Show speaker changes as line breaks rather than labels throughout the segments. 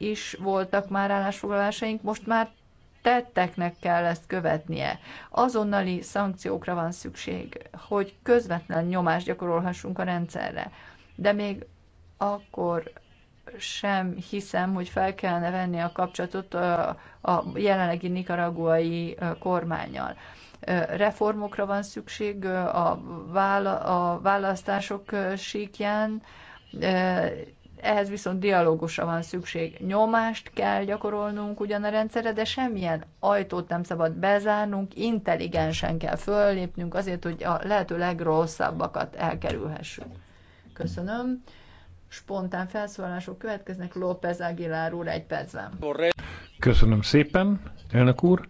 is voltak már állásfoglalásaink, most már tetteknek kell ezt követnie. Azonnali szankciókra van szükség, hogy közvetlen nyomást gyakorolhassunk a rendszerre. De még akkor sem hiszem, hogy fel kellene venni a kapcsolatot a jelenlegi nikaraguai kormányjal. Reformokra van szükség a választások síkján, ehhez viszont dialógusra van szükség. Nyomást kell gyakorolnunk ugyan a rendszerre, de semmilyen ajtót nem szabad bezárnunk, intelligensen kell föllépnünk azért, hogy a lehető legrosszabbakat elkerülhessük. Köszönöm. Spontán felszólalások következnek. López Aguilar úr, egy percben.
Köszönöm szépen, elnök úr.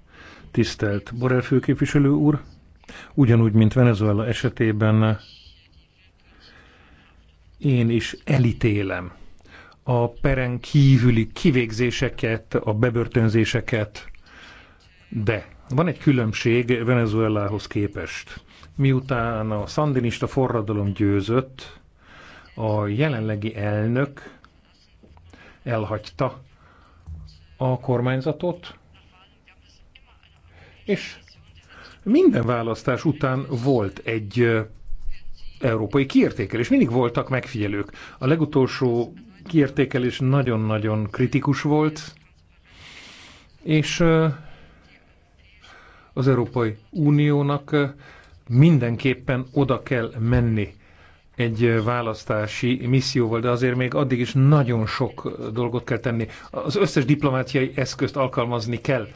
Tisztelt Borrell főképviselő úr. Ugyanúgy, mint Venezuela esetében én is elítélem a peren kívüli kivégzéseket, a bebörtönzéseket, de van egy különbség Venezuelához képest. Miután a szandinista forradalom győzött, a jelenlegi elnök elhagyta a kormányzatot, és minden választás után volt egy európai kiértékelés. Mindig voltak megfigyelők. A legutolsó kiértékelés nagyon-nagyon kritikus volt, és az Európai Uniónak mindenképpen oda kell menni egy választási misszióval, de azért még addig is nagyon sok dolgot kell tenni. Az összes diplomáciai eszközt alkalmazni kell,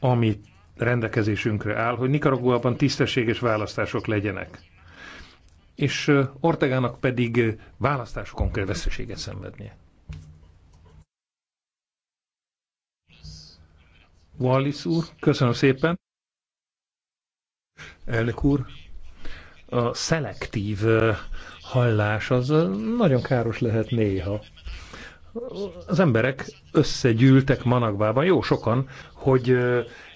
ami rendelkezésünkre áll, hogy Nicaraguában tisztességes választások legyenek és Ortegának pedig választásokon kell veszteséget szenvednie. Wallis úr, köszönöm szépen. Elnök úr, a szelektív hallás az nagyon káros lehet néha. Az emberek összegyűltek Managvában, jó sokan, hogy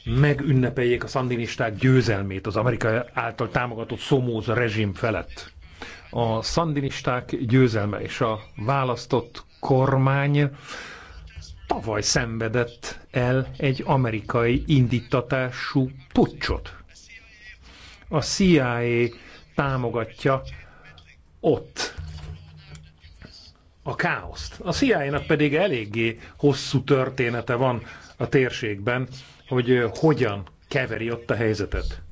megünnepeljék a szandinisták győzelmét az amerikai által támogatott szomóz rezsim felett a szandinisták győzelme és a választott kormány tavaly szenvedett el egy amerikai indítatású pucsot. A CIA támogatja ott a káoszt. A CIA-nak pedig eléggé hosszú története van a térségben, hogy hogyan keveri ott a helyzetet.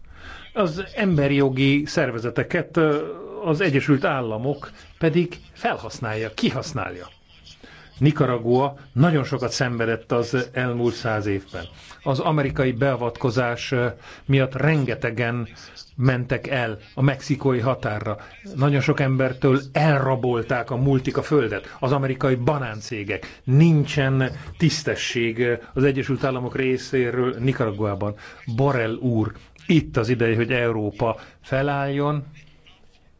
Az emberi jogi szervezeteket az Egyesült Államok pedig felhasználja, kihasználja. Nicaragua nagyon sokat szenvedett az elmúlt száz évben. Az amerikai beavatkozás eh, miatt rengetegen mentek el a mexikói határra. Nagyon sok embertől elrabolták a multik a földet, az amerikai banáncégek. Nincsen tisztesség eh, az Egyesült Államok részéről Nicaraguában. Borrell úr, itt az ideje, hogy Európa felálljon,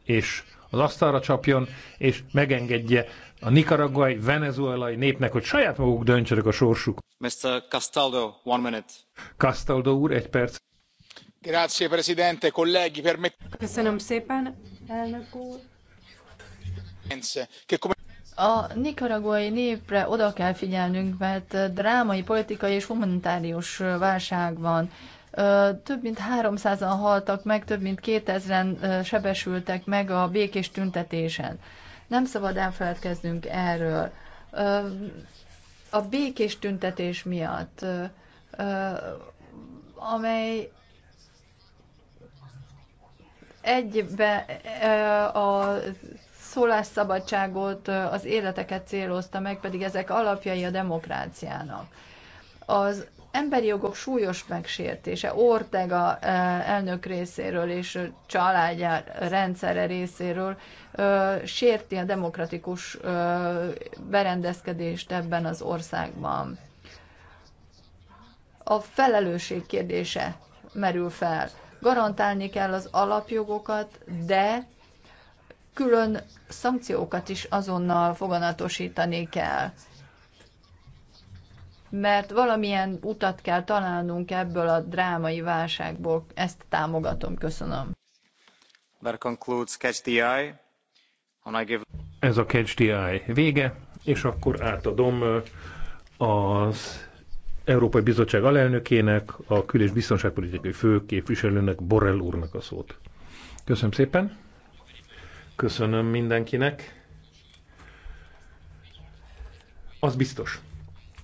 és az asztalra csapjon, és megengedje a nikaraguai, venezuelai népnek, hogy saját maguk döntsenek a sorsuk.
Mr. Castaldo, one minute.
Castaldo úr, egy perc.
Grazie, Presidente, colleghi, permet... Köszönöm szépen,
elnök úr.
A nikaraguai népre oda kell figyelnünk, mert drámai, politikai és humanitárius válság van. Több mint 300-an haltak meg, több mint 2000-en sebesültek meg a békés tüntetésen. Nem szabad elfeledkeznünk erről. A békés tüntetés miatt, amely egybe a szólásszabadságot, az életeket célozta meg, pedig ezek alapjai a demokráciának. Az emberi jogok súlyos megsértése Ortega eh, elnök részéről és családja rendszere részéről sérti a demokratikus berendezkedést ebben az országban. A felelősség kérdése merül fel. Garantálni kell az alapjogokat, de külön szankciókat is azonnal foganatosítani kell mert valamilyen utat kell találnunk ebből a drámai válságból. Ezt támogatom, köszönöm.
That concludes Catch the Eye.
Give... Ez a Catch the Eye vége, és akkor átadom az Európai Bizottság alelnökének, a kül- és biztonságpolitikai főképviselőnek, Borrell úrnak a szót. Köszönöm szépen. Köszönöm mindenkinek. Az biztos,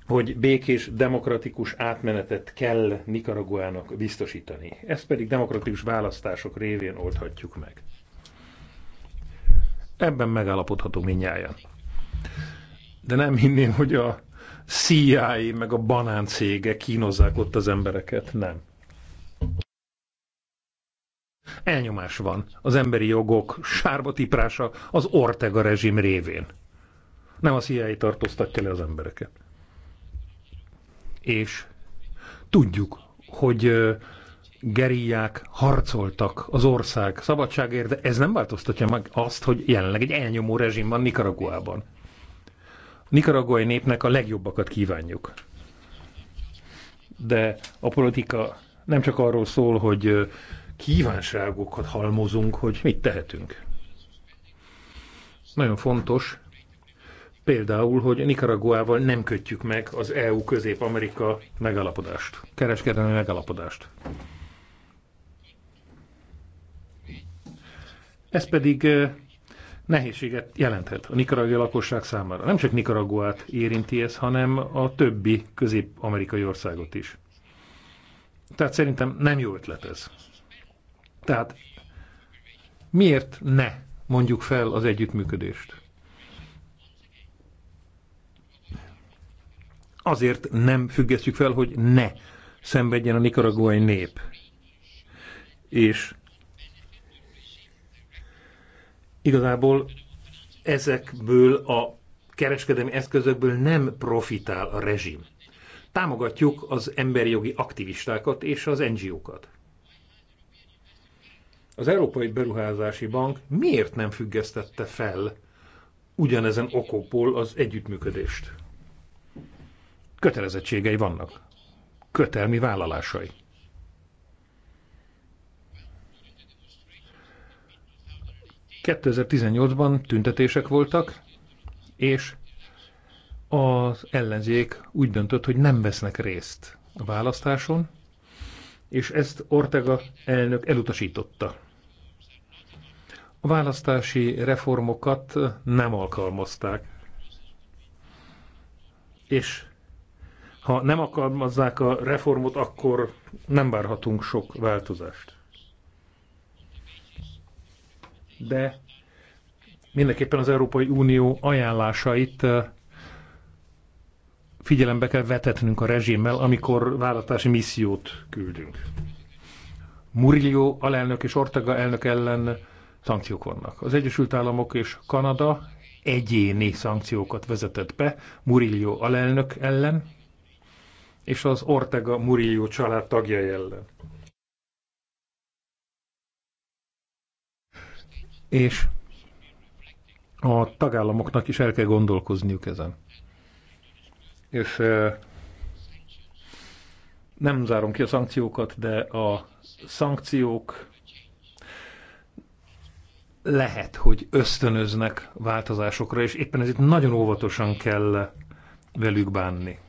hogy békés, demokratikus átmenetet kell Nikaraguának biztosítani. Ezt pedig demokratikus választások révén oldhatjuk meg. Ebben megállapodhatunk minnyáján. De nem hinném, hogy a CIA meg a banáncége kínozzák ott az embereket. Nem. Elnyomás van az emberi jogok sárba tiprása az Ortega rezsim révén. Nem a CIA tartóztatja le az embereket és tudjuk, hogy geriák harcoltak az ország szabadságért, de ez nem változtatja meg azt, hogy jelenleg egy elnyomó rezsim van Nikaraguában. nikaraguai népnek a legjobbakat kívánjuk. De a politika nem csak arról szól, hogy kívánságokat halmozunk, hogy mit tehetünk. Nagyon fontos, Például, hogy Nicaraguával nem kötjük meg az EU-Közép-Amerika megalapodást, kereskedelmi megalapodást. Ez pedig eh, nehézséget jelenthet a nikaragua lakosság számára. Nem csak Nicaraguát érinti ez, hanem a többi közép-amerikai országot is. Tehát szerintem nem jó ötlet ez. Tehát miért ne mondjuk fel az együttműködést? azért nem függesztjük fel, hogy ne szenvedjen a nikaraguai nép. És igazából ezekből a kereskedelmi eszközökből nem profitál a rezsim. Támogatjuk az emberi jogi aktivistákat és az NGO-kat. Az Európai Beruházási Bank miért nem függesztette fel ugyanezen okokból az együttműködést? kötelezettségei vannak, kötelmi vállalásai. ...2018-ban tüntetések voltak, és az ellenzék úgy döntött, hogy nem vesznek részt a választáson, és ezt Ortega elnök elutasította. A választási reformokat nem alkalmazták, és ha nem akarmazzák a reformot, akkor nem várhatunk sok változást. De mindenképpen az Európai Unió ajánlásait eh, figyelembe kell vetetnünk a rezsimmel, amikor vállalatási missziót küldünk. Murillo alelnök és Ortega elnök ellen szankciók vannak. Az Egyesült Államok és Kanada egyéni szankciókat vezetett be Murillo alelnök ellen, és az Ortega Murillo család tagjai ellen. És a tagállamoknak is el kell gondolkozniuk ezen. És nem zárom ki a szankciókat, de a szankciók lehet, hogy ösztönöznek változásokra, és éppen ezért nagyon óvatosan kell velük bánni.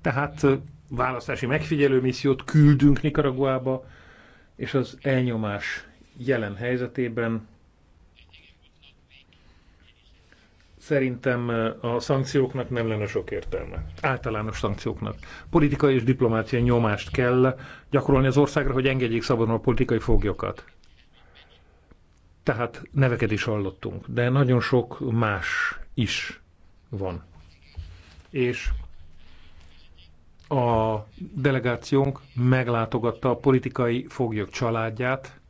Tehát választási megfigyelő missziót küldünk Nikaraguába, és az elnyomás jelen helyzetében szerintem a szankcióknak nem lenne sok értelme. Általános szankcióknak. Politikai és diplomáciai nyomást kell gyakorolni az országra, hogy engedjék szabadon a politikai foglyokat. Tehát neveket is hallottunk, de nagyon sok más is van. És a delegációnk meglátogatta a politikai foglyok családját,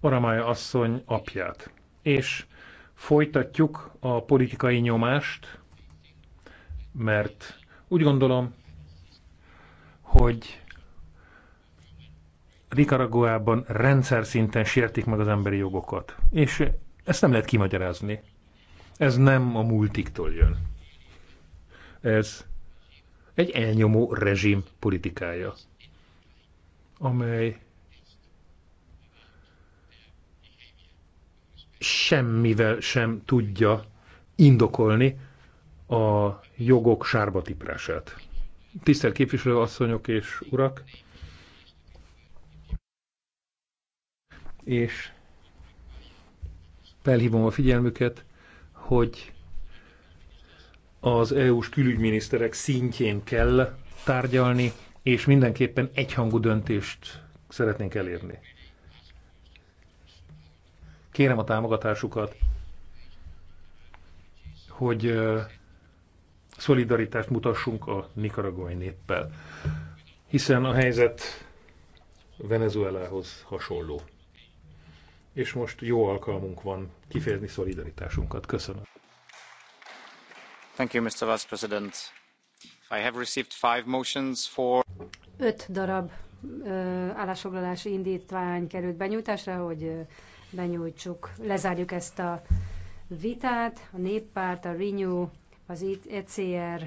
Aramája asszony apját. És folytatjuk a politikai nyomást, mert úgy gondolom, hogy Nicaraguában rendszer szinten sértik meg az emberi jogokat. És ezt nem lehet kimagyarázni. Ez nem a múltiktól jön. Ez egy elnyomó rezsim politikája, amely semmivel sem tudja indokolni a jogok sárba tiprását. Tisztelt képviselő asszonyok és urak! És felhívom a figyelmüket, hogy az EU-s külügyminiszterek szintjén kell tárgyalni, és mindenképpen egyhangú döntést szeretnénk elérni. Kérem a támogatásukat, hogy szolidaritást mutassunk a nikaragói néppel, hiszen a helyzet Venezuelához hasonló. És most jó alkalmunk van kifejezni szolidaritásunkat. Köszönöm
mr
öt darab állásfoglalási indítvány került benyújtásra hogy benyújtsuk lezárjuk ezt a vitát a néppárt a renew az ecr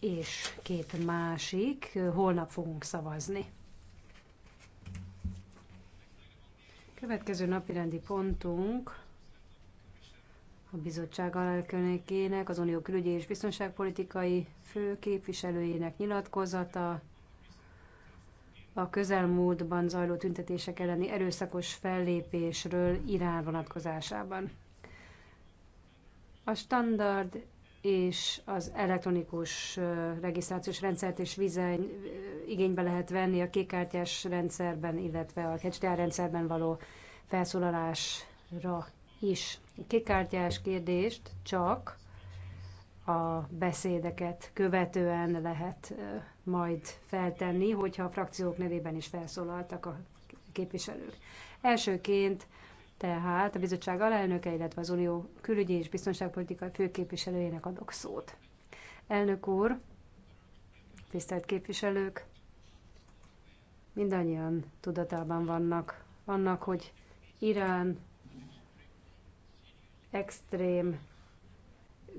és két másik holnap fogunk szavazni. Következő napirendi pontunk a bizottság alelnökének, az Unió külügyi és biztonságpolitikai főképviselőjének nyilatkozata, a közelmúltban zajló tüntetések elleni erőszakos fellépésről Irán vonatkozásában. A standard és az elektronikus regisztrációs rendszert és vizeny igénybe lehet venni a kékkártyás rendszerben, illetve a kecsdiár rendszerben való felszólalásra is kikártyás kérdést csak a beszédeket követően lehet majd feltenni, hogyha a frakciók nevében is felszólaltak a képviselők. Elsőként tehát a bizottság alelnöke, illetve az Unió külügyi és biztonságpolitikai főképviselőjének adok szót. Elnök úr, tisztelt képviselők, mindannyian tudatában vannak annak, hogy Irán extrém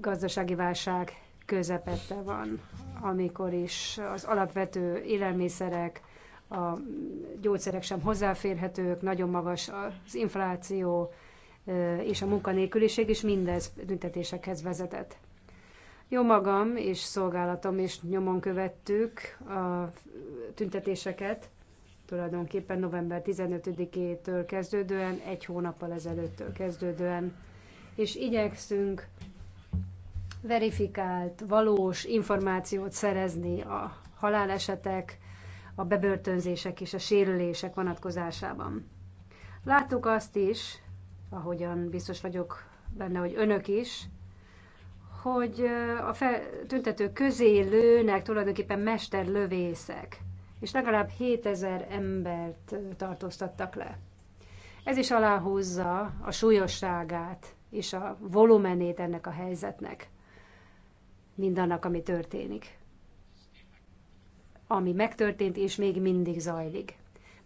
gazdasági válság közepette van, amikor is az alapvető élelmiszerek, a gyógyszerek sem hozzáférhetők, nagyon magas az infláció és a munkanélküliség, és mindez büntetésekhez vezetett. Jó magam és szolgálatom is nyomon követtük a tüntetéseket, tulajdonképpen november 15-től kezdődően, egy hónappal ezelőttől kezdődően és igyekszünk verifikált, valós információt szerezni a halálesetek, a bebörtönzések és a sérülések vonatkozásában. Láttuk azt is, ahogyan biztos vagyok benne, hogy önök is, hogy a fel, tüntetők közé lőnek tulajdonképpen mesterlövészek, és legalább 7000 embert tartóztattak le. Ez is aláhúzza a súlyosságát és a volumenét ennek a helyzetnek, mindannak, ami történik. Ami megtörtént, és még mindig zajlik.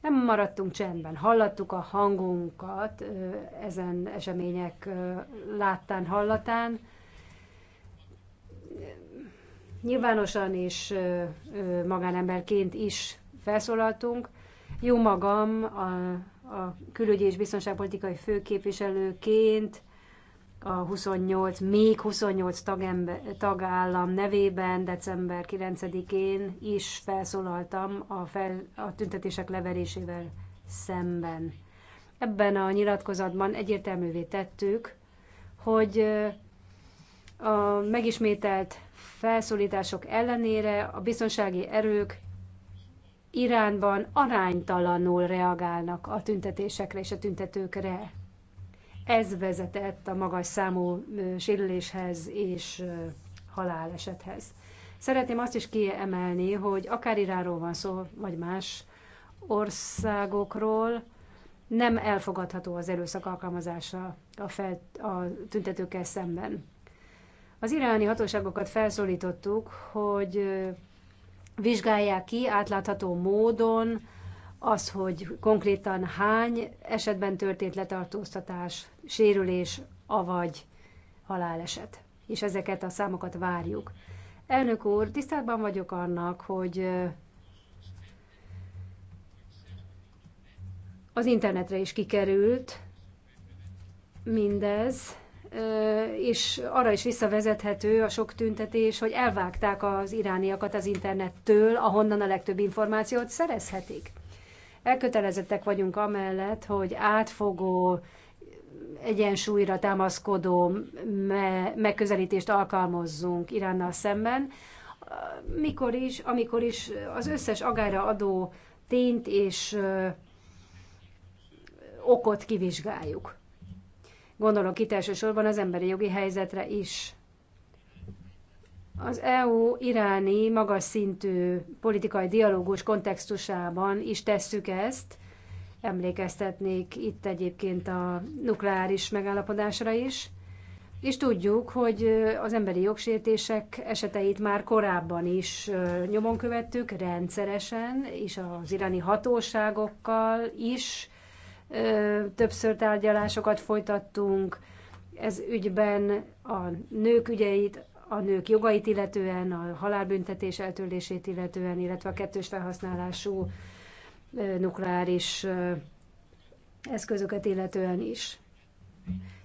Nem maradtunk csendben, hallattuk a hangunkat ezen események láttán, hallatán, nyilvánosan és magánemberként is felszólaltunk. Jó magam, a, a külügyi és biztonságpolitikai főképviselőként a 28, még 28 tagembe, tagállam nevében december 9-én is felszólaltam a, fel, a tüntetések leverésével szemben. Ebben a nyilatkozatban egyértelművé tettük, hogy a megismételt felszólítások ellenére a biztonsági erők Iránban aránytalanul reagálnak a tüntetésekre és a tüntetőkre. Ez vezetett a magas számú sérüléshez és halálesethez. Szeretném azt is kiemelni, hogy akár Iránról van szó, vagy más országokról, nem elfogadható az erőszak alkalmazása a, fel, a tüntetőkkel szemben. Az iráni hatóságokat felszólítottuk, hogy vizsgálják ki átlátható módon az, hogy konkrétan hány esetben történt letartóztatás, sérülés, avagy haláleset. És ezeket a számokat várjuk. Elnök úr, tisztában vagyok annak, hogy az internetre is kikerült mindez, és arra is visszavezethető a sok tüntetés, hogy elvágták az irániakat az internettől, ahonnan a legtöbb információt szerezhetik. Elkötelezettek vagyunk amellett, hogy átfogó, egyensúlyra támaszkodó me- megközelítést alkalmazzunk Iránnal szemben, mikor is, amikor is az összes agára adó tényt és okot kivizsgáljuk. Gondolok itt elsősorban az emberi jogi helyzetre is az EU-iráni magas szintű politikai dialógus kontextusában is tesszük ezt. Emlékeztetnék itt egyébként a nukleáris megállapodásra is. És tudjuk, hogy az emberi jogsértések eseteit már korábban is nyomon követtük, rendszeresen, és az iráni hatóságokkal is többször tárgyalásokat folytattunk. Ez ügyben a nők ügyeit a nők jogait illetően, a halálbüntetés eltörlését illetően, illetve a kettős felhasználású nukleáris eszközöket illetően is.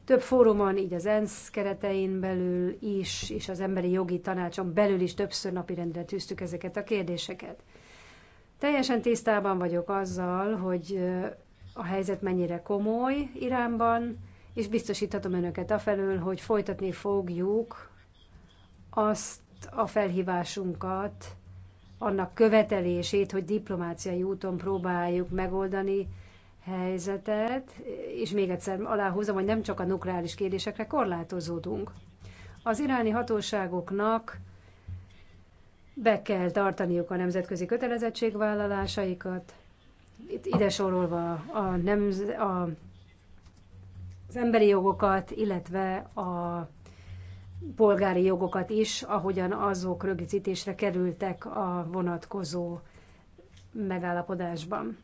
Több fórumon, így az ENSZ keretein belül is, és az emberi jogi tanácson belül is többször napirendre tűztük ezeket a kérdéseket. Teljesen tisztában vagyok azzal, hogy a helyzet mennyire komoly Iránban, és biztosíthatom önöket afelől, hogy folytatni fogjuk azt a felhívásunkat, annak követelését, hogy diplomáciai úton próbáljuk megoldani helyzetet, és még egyszer aláhozom, hogy nem csak a nukleáris kérdésekre korlátozódunk. Az iráni hatóságoknak be kell tartaniuk a nemzetközi kötelezettségvállalásaikat, itt ide sorolva a, nem, a, az emberi jogokat, illetve a polgári jogokat is, ahogyan azok rögzítésre kerültek a vonatkozó megállapodásban.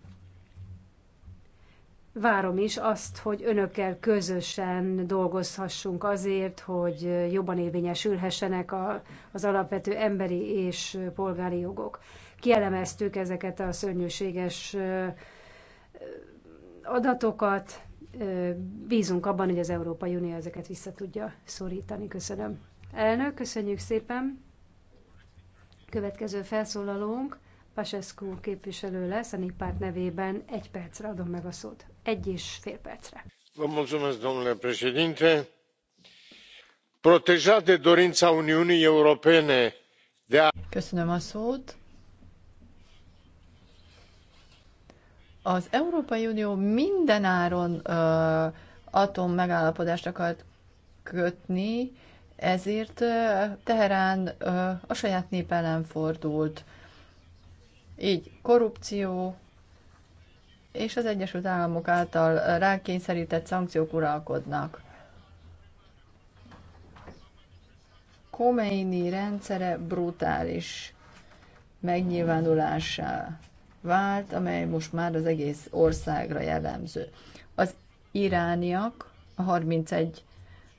Várom is azt, hogy önökkel közösen dolgozhassunk azért, hogy jobban érvényesülhessenek a, az alapvető emberi és polgári jogok. Kielemeztük ezeket a szörnyűséges adatokat, bízunk abban, hogy az Európai Unió ezeket vissza tudja szorítani. Köszönöm. Elnök, köszönjük szépen. Következő felszólalónk Pasescu képviselő lesz a néppárt nevében. Egy percre adom meg a szót. Egy és fél percre.
Vă domnule președinte. Protejat de dorința Uniunii Europene de a...
Köszönöm
a szót az Európai Unió mindenáron atom megállapodást akart kötni, ezért Teherán a saját nép ellen fordult. Így korrupció és az Egyesült Államok által rákényszerített szankciók uralkodnak. Khomeini rendszere brutális megnyilvánulásá vált, amely most már az egész országra jellemző. Az irániak a 31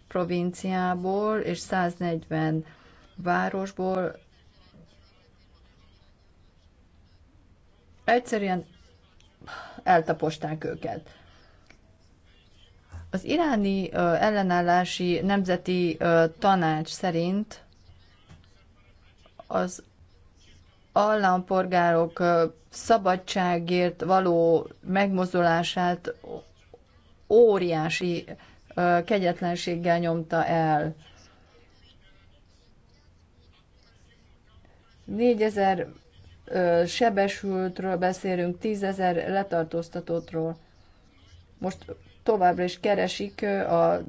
provinciából és 140 városból egyszerűen eltaposták őket. Az iráni ellenállási nemzeti tanács szerint az állampolgárok szabadságért való megmozdulását óriási kegyetlenséggel nyomta el. 4000 sebesültről beszélünk, 10.000 letartóztatottról. Most továbbra is keresik a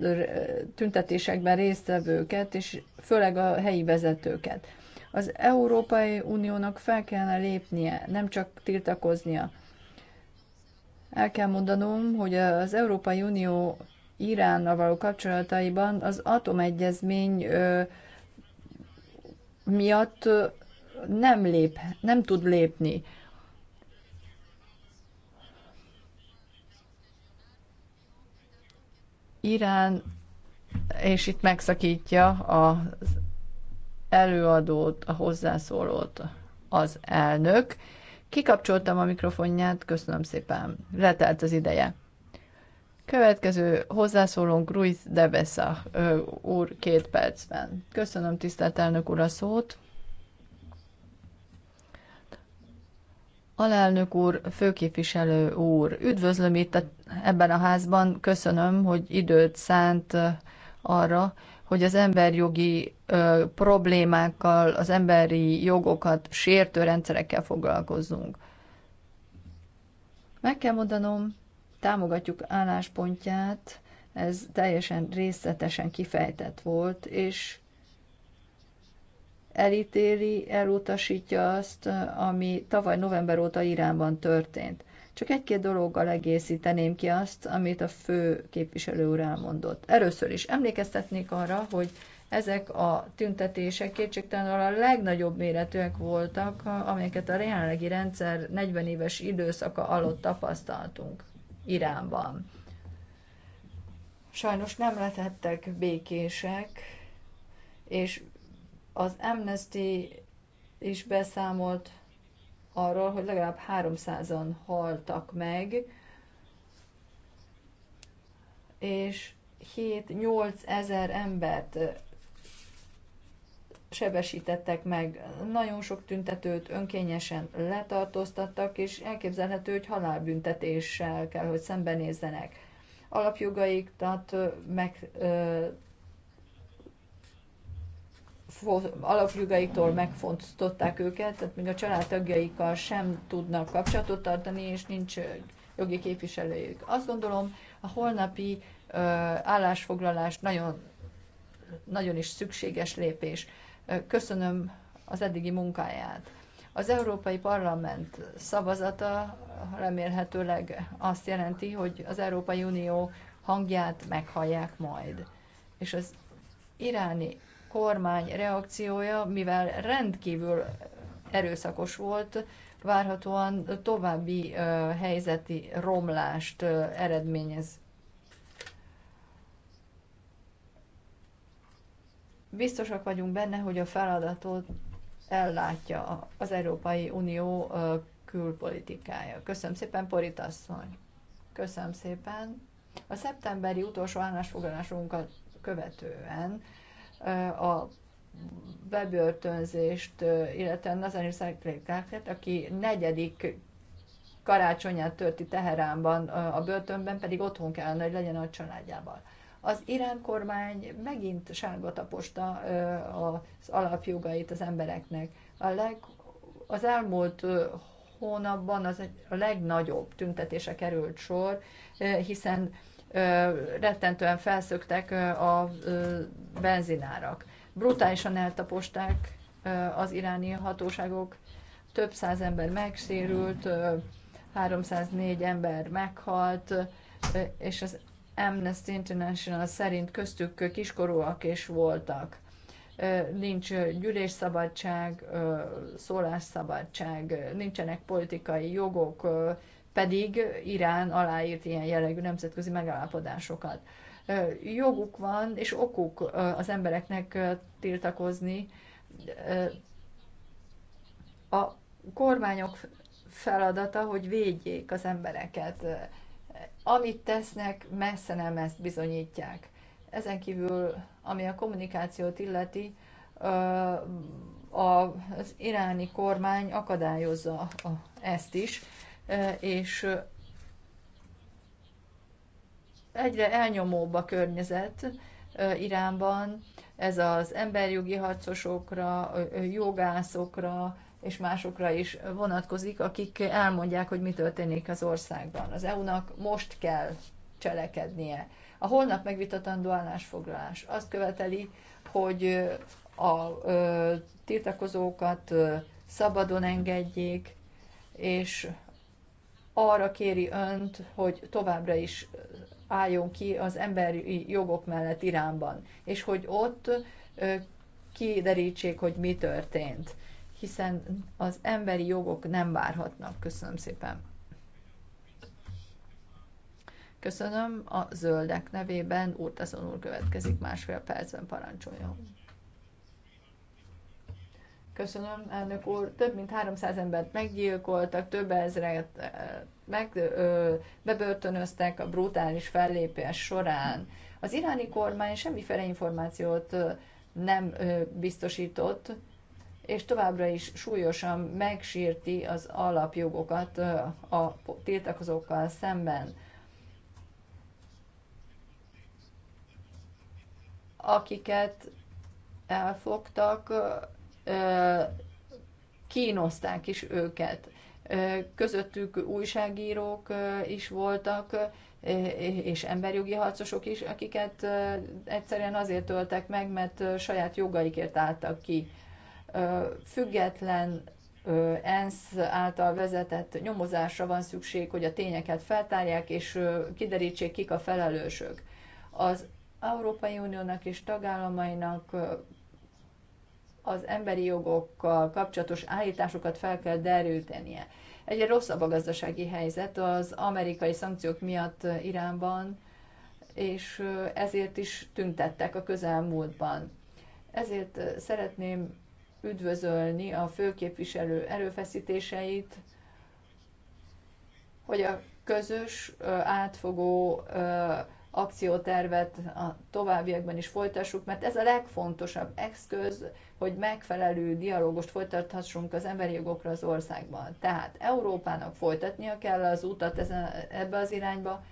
tüntetésekben résztvevőket, és főleg a helyi vezetőket. Az Európai Uniónak fel kellene lépnie, nem csak tiltakoznia. El kell mondanom, hogy az Európai Unió Iránnal való kapcsolataiban az atomegyezmény miatt nem lép, nem tud lépni. Irán, és itt megszakítja az előadót, a hozzászólót az elnök. Kikapcsoltam a mikrofonját, köszönöm szépen. Letelt az ideje. Következő hozzászólónk Ruiz de Bessa úr két percben. Köszönöm tisztelt elnök úr a szót. Alelnök úr, főképviselő úr, üdvözlöm itt a, ebben a házban, köszönöm, hogy időt szánt arra, hogy az emberjogi ö, problémákkal, az emberi jogokat sértő rendszerekkel foglalkozzunk. Meg kell mondanom, támogatjuk álláspontját, ez teljesen részletesen kifejtett volt, és elítéli, elutasítja azt, ami tavaly november óta Iránban történt. Csak egy-két dologgal egészíteném ki azt, amit a fő képviselő úr elmondott. Először is emlékeztetnék arra, hogy ezek a tüntetések kétségtelenül a legnagyobb méretűek voltak, amelyeket a jelenlegi rendszer 40 éves időszaka alatt tapasztaltunk Iránban. Sajnos nem lehettek békések, és az Amnesty is beszámolt arról, hogy legalább 300-an haltak meg, és 7-8 ezer embert sebesítettek meg, nagyon sok tüntetőt önkényesen letartóztattak, és elképzelhető, hogy halálbüntetéssel kell, hogy szembenézzenek. tehát meg alapjogaiktól megfontották őket, tehát még a családtagjaikkal sem tudnak kapcsolatot tartani, és nincs jogi képviselőjük. Azt gondolom, a holnapi állásfoglalás nagyon, nagyon is szükséges lépés. Köszönöm az eddigi munkáját. Az Európai Parlament szavazata remélhetőleg azt jelenti, hogy az Európai Unió hangját meghallják majd. És az iráni kormány reakciója, mivel rendkívül erőszakos volt, várhatóan további helyzeti romlást eredményez. Biztosak vagyunk benne, hogy a feladatot ellátja az Európai Unió külpolitikája. Köszönöm szépen, Porit asszony. Köszönöm szépen. A szeptemberi utolsó állásfoglalásunkat követően a bebörtönzést, illetve Nazani Szekrétáket, aki negyedik karácsonyát tölti Teheránban, a börtönben pedig otthon kellene, hogy legyen a családjával. Az irán kormány megint sárga taposta az alapjogait az embereknek. A leg, az elmúlt hónapban az a legnagyobb tüntetése került sor, hiszen rettentően felszöktek a benzinárak. Brutálisan eltaposták az iráni hatóságok, több száz ember megsérült, 304 ember meghalt, és az Amnesty International szerint köztük kiskorúak is voltak. Nincs gyűlésszabadság, szólásszabadság, nincsenek politikai jogok, pedig Irán aláírt ilyen jellegű nemzetközi megállapodásokat. Joguk van és okuk az embereknek tiltakozni. A kormányok feladata, hogy védjék az embereket. Amit tesznek, messze nem ezt bizonyítják. Ezen kívül, ami a kommunikációt illeti, az iráni kormány akadályozza ezt is E, és egyre elnyomóbb a környezet Iránban, ez az emberjogi harcosokra, jogászokra és másokra is vonatkozik, akik elmondják, hogy mi történik az országban. Az EU-nak most kell cselekednie. A holnap megvitatandó állásfoglalás azt követeli, hogy a tiltakozókat szabadon engedjék, és arra kéri önt, hogy továbbra is álljon ki az emberi jogok mellett Iránban, és hogy ott kiderítsék, hogy mi történt, hiszen az emberi jogok nem várhatnak. Köszönöm szépen. Köszönöm a zöldek nevében. Úrtaszon úr következik másfél percben, parancsoljon. Köszönöm, elnök úr. Több mint 300 embert meggyilkoltak, több ezeret eh, meg, ö, bebörtönöztek a brutális fellépés során. Az iráni kormány semmiféle információt nem ö, biztosított, és továbbra is súlyosan megsírti az alapjogokat a tiltakozókkal szemben. Akiket elfogtak, kínozták is őket. Közöttük újságírók is voltak, és emberjogi harcosok is, akiket egyszerűen azért öltek meg, mert saját jogaikért álltak ki. Független ENSZ által vezetett nyomozásra van szükség, hogy a tényeket feltárják és kiderítsék, kik a felelősök. Az Európai Uniónak és tagállamainak az emberi jogokkal kapcsolatos állításokat fel kell derültenie. Egyre rosszabb a gazdasági helyzet az amerikai szankciók miatt Iránban, és ezért is tüntettek a közelmúltban. Ezért szeretném üdvözölni a főképviselő erőfeszítéseit, hogy a közös, átfogó akciótervet a továbbiakban is folytassuk, mert ez a legfontosabb eszköz, hogy megfelelő dialógust folytathassunk az emberi jogokra az országban. Tehát Európának folytatnia kell az utat ezen, ebbe az irányba,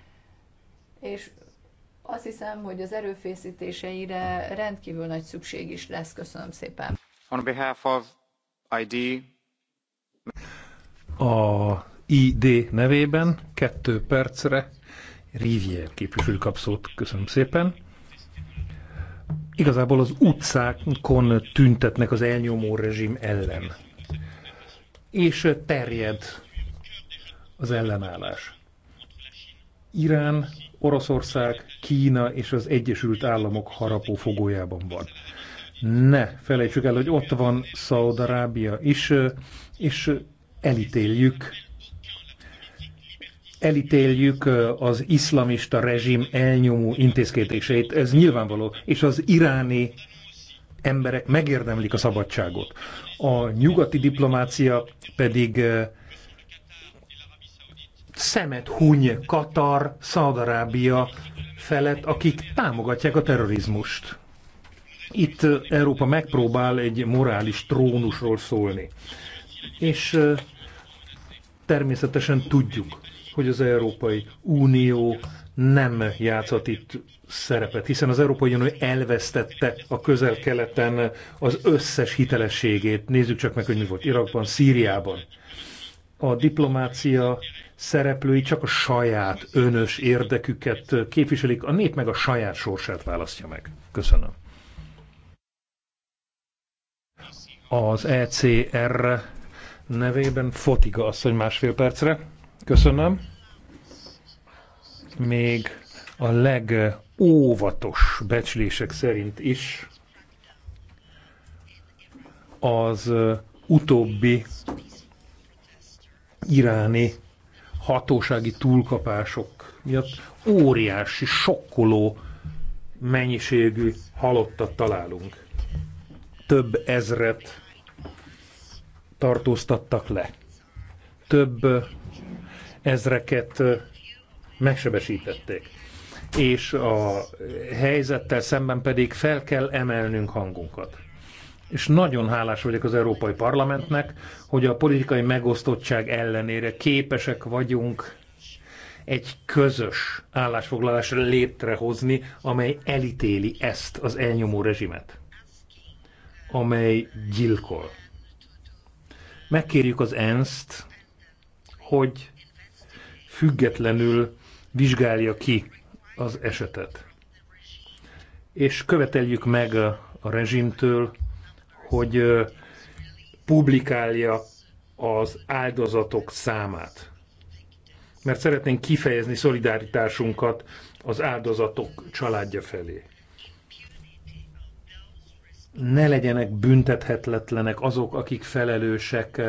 és azt hiszem, hogy az erőfészítéseire rendkívül nagy szükség is lesz. Köszönöm szépen.
On behalf of ID...
A ID nevében kettő percre Rivier képviselő kapszót. Köszönöm szépen. Igazából az utcákon tüntetnek az elnyomó rezsim ellen. És terjed az ellenállás. Irán, Oroszország, Kína és az Egyesült Államok harapó fogójában van. Ne felejtsük el, hogy ott van Szaudarábia is, és elítéljük elítéljük az iszlamista rezsim elnyomó intézkedéseit, ez nyilvánvaló, és az iráni emberek megérdemlik a szabadságot. A nyugati diplomácia pedig szemet huny Katar, Szaudarábia felett, akik támogatják a terrorizmust. Itt Európa megpróbál egy morális trónusról szólni. És természetesen tudjuk, hogy az Európai Unió nem játszhat itt szerepet, hiszen az Európai Unió elvesztette a közel-keleten az összes hitelességét. Nézzük csak meg, hogy mi volt Irakban, Szíriában. A diplomácia szereplői csak a saját önös érdeküket képviselik, a nép meg a saját sorsát választja meg. Köszönöm. Az ECR nevében Fotiga asszony másfél percre. Köszönöm. Még a legóvatos becslések szerint is az utóbbi iráni hatósági túlkapások miatt óriási, sokkoló mennyiségű halottat találunk. Több ezret tartóztattak le. Több ezreket megsebesítették. És a helyzettel szemben pedig fel kell emelnünk hangunkat. És nagyon hálás vagyok az Európai Parlamentnek, hogy a politikai megosztottság ellenére képesek vagyunk egy közös állásfoglalásra létrehozni, amely elítéli ezt az elnyomó rezsimet, amely gyilkol. Megkérjük az ENSZ-t, hogy függetlenül vizsgálja ki az esetet. És követeljük meg a rezsimtől, hogy publikálja az áldozatok számát. Mert szeretnénk kifejezni szolidaritásunkat az áldozatok családja felé. Ne legyenek büntethetetlenek azok, akik felelősek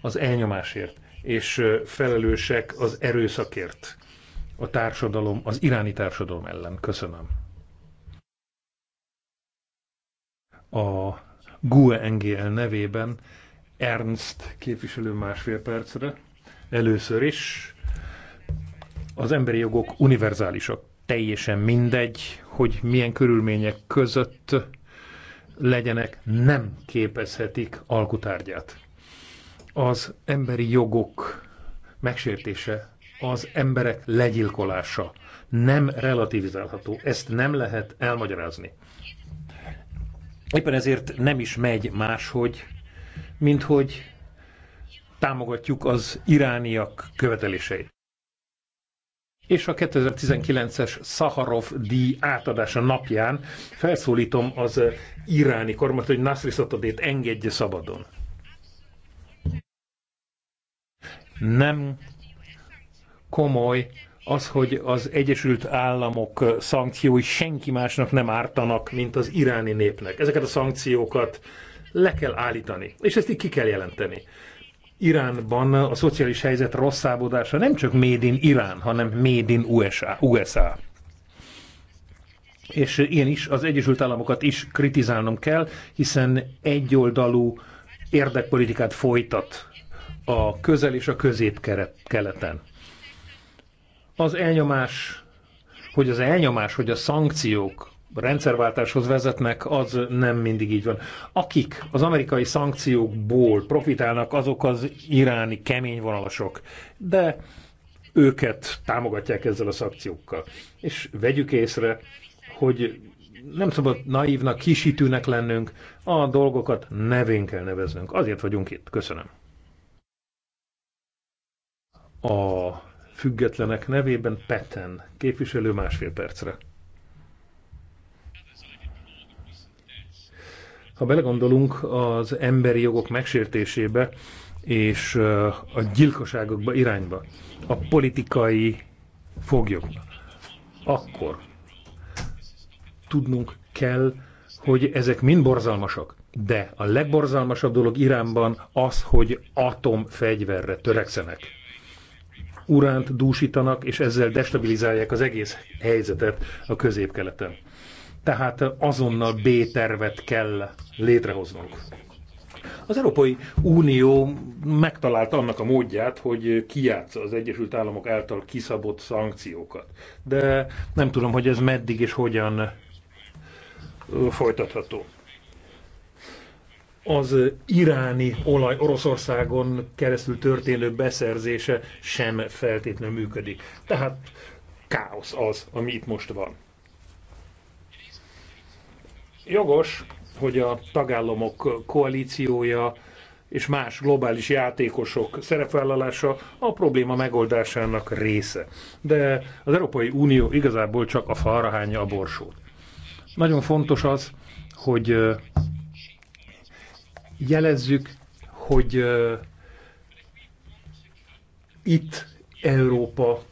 az elnyomásért és felelősek az erőszakért a társadalom, az iráni társadalom ellen. Köszönöm. A GUE NGL nevében Ernst képviselő másfél percre. Először is az emberi jogok univerzálisak. Teljesen mindegy, hogy milyen körülmények között legyenek, nem képezhetik alkutárgyát az emberi jogok megsértése, az emberek legyilkolása nem relativizálható. Ezt nem lehet elmagyarázni. Éppen ezért nem is megy máshogy, mint hogy támogatjuk az irániak követeléseit. És a 2019-es Szaharov díj átadása napján felszólítom az iráni kormányt, hogy Nasri Szatodét engedje szabadon. nem komoly az, hogy az Egyesült Államok szankciói senki másnak nem ártanak, mint az iráni népnek. Ezeket a szankciókat le kell állítani, és ezt így ki kell jelenteni. Iránban a szociális helyzet rosszabbodása nem csak Made in Irán, hanem Made in USA. USA. És én is az Egyesült Államokat is kritizálnom kell, hiszen egyoldalú érdekpolitikát folytat a közel és a közép-keleten. Az elnyomás, hogy az elnyomás, hogy a szankciók rendszerváltáshoz vezetnek, az nem mindig így van. Akik az amerikai szankciókból profitálnak, azok az iráni kemény vonalasok, de őket támogatják ezzel a szankciókkal. És vegyük észre, hogy nem szabad naívnak, kisítőnek lennünk, a dolgokat nevén kell neveznünk. Azért vagyunk itt. Köszönöm a függetlenek nevében Peten képviselő másfél percre. Ha belegondolunk az emberi jogok megsértésébe és a gyilkosságokba irányba, a politikai foglyokba, akkor tudnunk kell, hogy ezek mind borzalmasak. De a legborzalmasabb dolog Iránban az, hogy atomfegyverre törekszenek uránt dúsítanak, és ezzel destabilizálják az egész helyzetet a középkeleten. Tehát azonnal B-tervet kell létrehoznunk. Az Európai Unió megtalálta annak a módját, hogy kijátsza az Egyesült Államok által kiszabott szankciókat. De nem tudom, hogy ez meddig és hogyan folytatható az iráni olaj Oroszországon keresztül történő beszerzése sem feltétlenül működik. Tehát káosz az, ami itt most van. Jogos, hogy a tagállamok koalíciója és más globális játékosok szerepvállalása a probléma megoldásának része. De az Európai Unió igazából csak a falra hányja a borsót. Nagyon fontos az, hogy jelezzük, hogy uh, itt Európa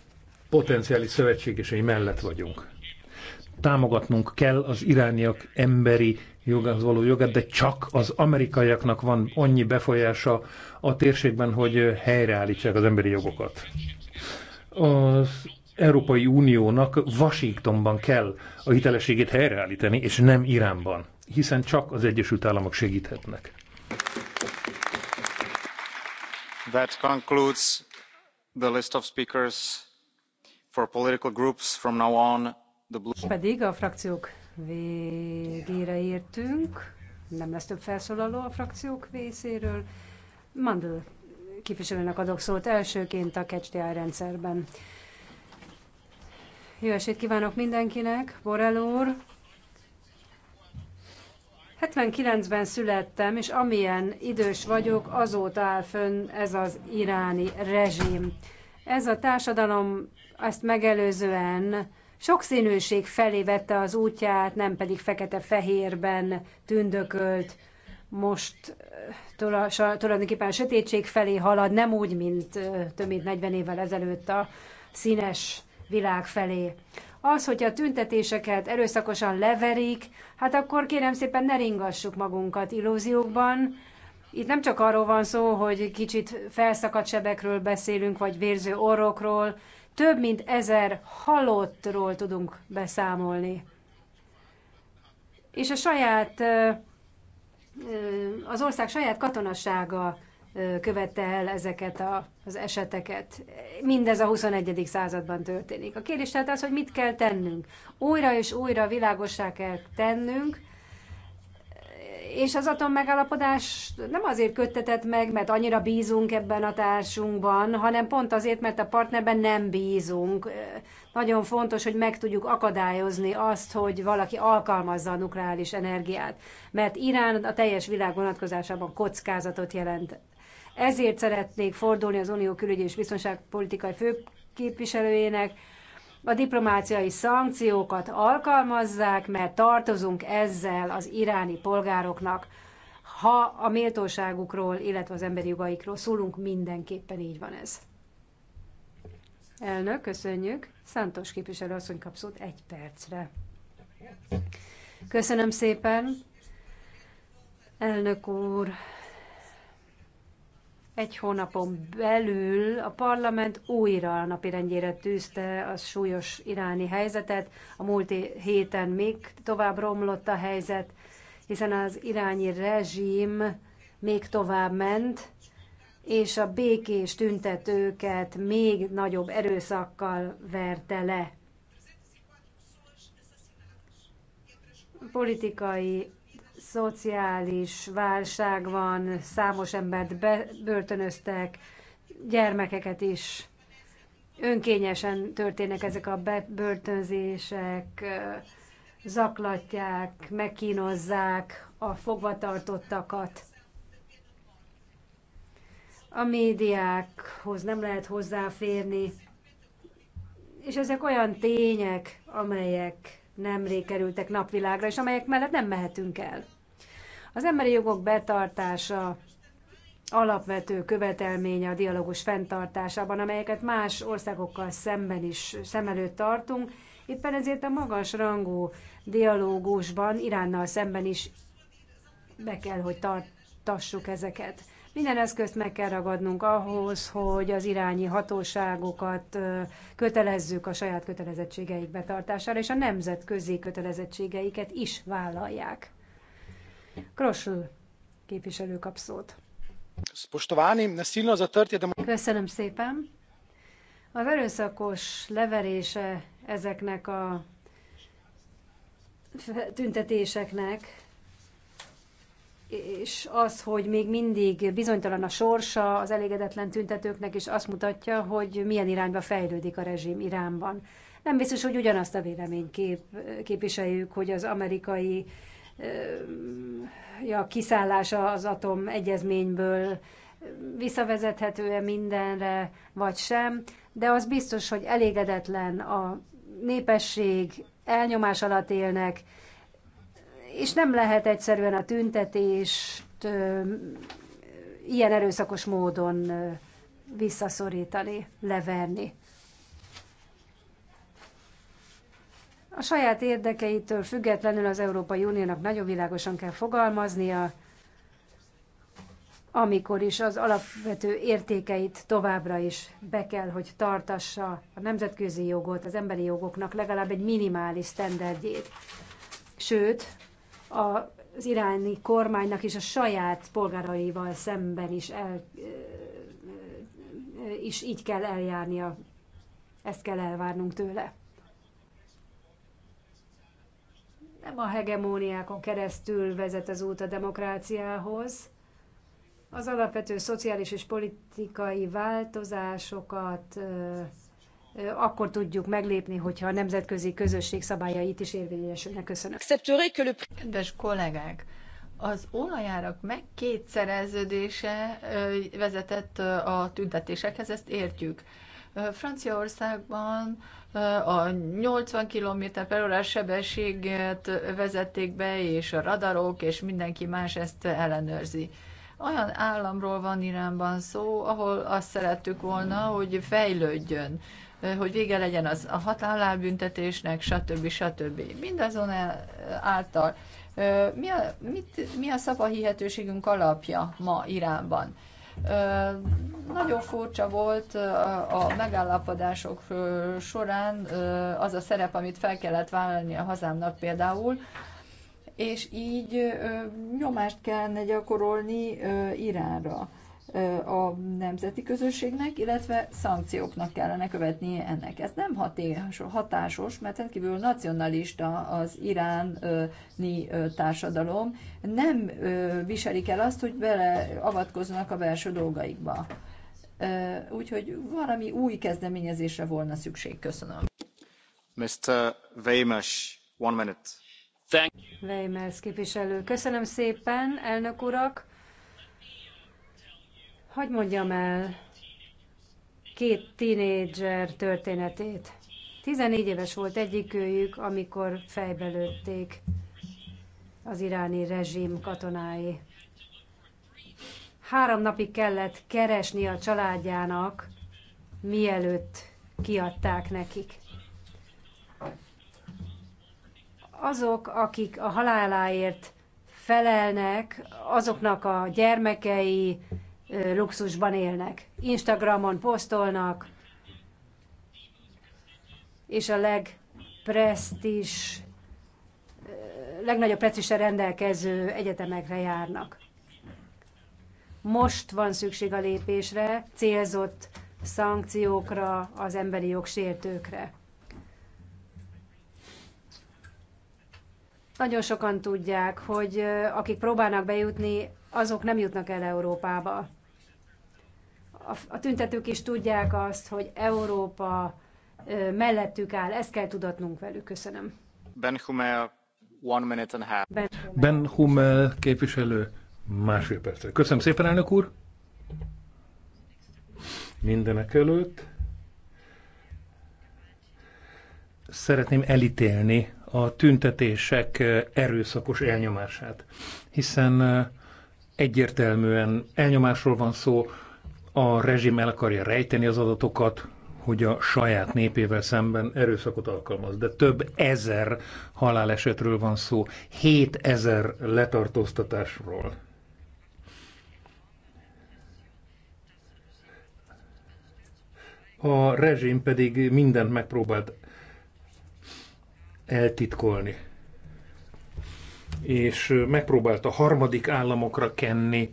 potenciális szövetségesei mellett vagyunk. Támogatnunk kell az irániak emberi jogához való jogát, de csak az amerikaiaknak van annyi befolyása a térségben, hogy helyreállítsák az emberi jogokat. Az Európai Uniónak Washingtonban kell a hitelességét helyreállítani, és nem Iránban, hiszen csak az Egyesült Államok segíthetnek
that concludes the list of speakers for political groups. From now on, the blue...
Pedig a frakciók végére értünk. Nem lesz több felszólaló a frakciók részéről. Mandl képviselőnek adok szót elsőként a KCTI rendszerben. Jó esét kívánok mindenkinek, Borel úr! 79-ben születtem, és amilyen idős vagyok, azóta áll fönn ez az iráni rezsim. Ez a társadalom ezt megelőzően sokszínűség felé vette az útját, nem pedig fekete-fehérben tündökölt, most eh, tulajdonképpen a sötétség felé halad, nem úgy, mint eh, több mint 40 évvel ezelőtt a színes világ felé. Az, hogy a tüntetéseket erőszakosan leverik, hát akkor kérem szépen ne ringassuk magunkat illúziókban. Itt nem csak arról van szó, hogy kicsit felszakadt sebekről beszélünk, vagy vérző orrokról, több mint ezer halottról tudunk beszámolni. És a saját, az ország saját katonassága követte el ezeket a, az eseteket. Mindez a 21. században történik. A kérdés tehát az, hogy mit kell tennünk. Újra és újra világossá kell tennünk, és az atom megállapodás nem azért köttetett meg, mert annyira bízunk ebben a társunkban, hanem pont azért, mert a partnerben nem bízunk. Nagyon fontos, hogy meg tudjuk akadályozni azt, hogy valaki alkalmazza a nukleáris energiát, mert Irán a teljes világ vonatkozásában kockázatot jelent ezért szeretnék fordulni az Unió külügyi és biztonságpolitikai főképviselőjének, a diplomáciai szankciókat alkalmazzák, mert tartozunk ezzel az iráni polgároknak. Ha a méltóságukról, illetve az emberi jogaikról szólunk, mindenképpen így van ez. Elnök, köszönjük. Szántos képviselő asszony kap szót egy percre. Köszönöm szépen. Elnök úr, egy hónapon belül a parlament újra a napirendjére tűzte a súlyos iráni helyzetet. A múlt héten még tovább romlott a helyzet, hiszen az irányi rezsim még tovább ment, és a békés tüntetőket még nagyobb erőszakkal verte le. Politikai szociális válság van, számos embert bebörtönöztek, gyermekeket is. Önkényesen történnek ezek a bebörtönzések, zaklatják, megkínozzák a fogvatartottakat. A médiákhoz nem lehet hozzáférni, és ezek olyan tények, amelyek nemrég kerültek napvilágra, és amelyek mellett nem mehetünk el. Az emberi jogok betartása alapvető követelménye a dialógus fenntartásában, amelyeket más országokkal szemben is szem előtt tartunk. Éppen ezért a magas rangú dialógusban Iránnal szemben is be kell, hogy tartassuk ezeket. Minden eszközt meg kell ragadnunk ahhoz, hogy az irányi hatóságokat kötelezzük a saját kötelezettségeik betartására, és a nemzetközi kötelezettségeiket is vállalják. Krosul képviselő Köszönöm szépen. Az erőszakos leverése ezeknek a tüntetéseknek, és az, hogy még mindig bizonytalan a sorsa az elégedetlen tüntetőknek, is azt mutatja, hogy milyen irányba fejlődik a rezsim Iránban. Nem biztos, hogy ugyanazt a véleményt kép, képviseljük, hogy az amerikai ja, kiszállása az atom egyezményből visszavezethető-e mindenre, vagy sem, de az biztos, hogy elégedetlen a népesség, elnyomás alatt élnek, és nem lehet egyszerűen a tüntetést ilyen erőszakos módon visszaszorítani, leverni. A saját érdekeitől függetlenül az Európai Uniónak nagyon világosan kell fogalmaznia, amikor is az alapvető értékeit továbbra is be kell, hogy tartassa a nemzetközi jogot, az emberi jogoknak legalább egy minimális standardjét. Sőt, az iráni kormánynak is a saját polgáraival szemben is, el, is így kell eljárnia. Ezt kell elvárnunk tőle. nem a hegemóniákon keresztül vezet az út a demokráciához. Az alapvető szociális és politikai változásokat akkor tudjuk meglépni, hogyha a nemzetközi közösség szabályait is érvényesülnek. Köszönöm. Kedves kollégák, az olajárak megkétszereződése vezetett
a tüntetésekhez, ezt értjük. Franciaországban a 80 km per órás sebességet vezették be, és a radarok, és mindenki más ezt ellenőrzi. Olyan államról van Iránban szó, ahol azt szerettük volna, hogy fejlődjön, hogy vége legyen az a határlábüntetésnek, stb. stb. Mindazon által. Mi a, mit, mi a szava alapja ma Iránban? Nagyon furcsa volt a megállapodások során az a szerep, amit fel kellett vállalni a hazámnak például, és így nyomást kellene gyakorolni Iránra a nemzeti közösségnek, illetve szankcióknak kellene követni ennek. Ez nem hatásos, mert rendkívül nacionalista az iráni társadalom. Nem viselik el azt, hogy beleavatkoznak a belső dolgaikba. Úgyhogy valami új kezdeményezésre volna szükség. Köszönöm.
Mr. Vémes, one minute. Thank
you. Vémes képviselő. Köszönöm szépen, elnök urak Hagy mondjam el két tínédzser történetét. 14 éves volt egyikőjük, amikor fejbe lőtték az iráni rezsim katonái. Három napig kellett keresni a családjának, mielőtt kiadták nekik. Azok, akik a haláláért felelnek, azoknak a gyermekei, luxusban élnek. Instagramon posztolnak, és a legpresztis, legnagyobb presztisre rendelkező egyetemekre járnak. Most van szükség a lépésre, célzott szankciókra, az emberi jogsértőkre. Nagyon sokan tudják, hogy akik próbálnak bejutni, azok nem jutnak el Európába a tüntetők is tudják azt, hogy Európa mellettük áll. Ezt kell tudatnunk velük. Köszönöm.
Ben Hummel, one minute and a half. Ben Hummel,
ben Hummel képviselő, másfél percre. Köszönöm szépen, elnök úr. Mindenek előtt szeretném elítélni a tüntetések erőszakos elnyomását, hiszen egyértelműen elnyomásról van szó, a rezsim el akarja rejteni az adatokat, hogy a saját népével szemben erőszakot alkalmaz. De több ezer halálesetről van szó, 7000 letartóztatásról. A rezsim pedig mindent megpróbált eltitkolni. És megpróbált a harmadik államokra kenni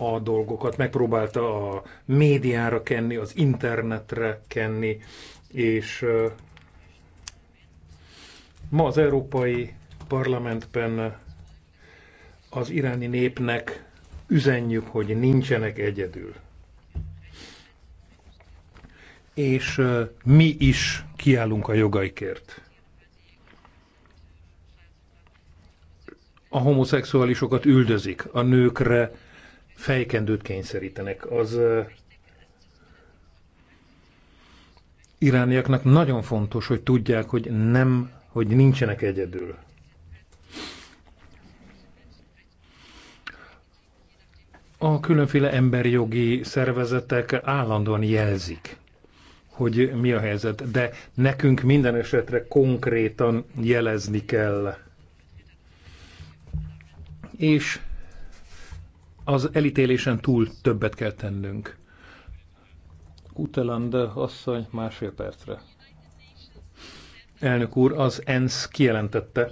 a dolgokat, megpróbálta a médiára kenni, az internetre kenni, és ma az Európai Parlamentben az iráni népnek üzenjük, hogy nincsenek egyedül. És mi is kiállunk a jogaikért. A homoszexuálisokat üldözik, a nőkre fejkendőt kényszerítenek. Az irániaknak nagyon fontos, hogy tudják, hogy nem, hogy nincsenek egyedül. A különféle emberi jogi szervezetek állandóan jelzik, hogy mi a helyzet, de nekünk minden esetre konkrétan jelezni kell. És az elítélésen túl többet kell tennünk. Kuteland eh, asszony másfél percre. Elnök úr, az ENSZ kijelentette,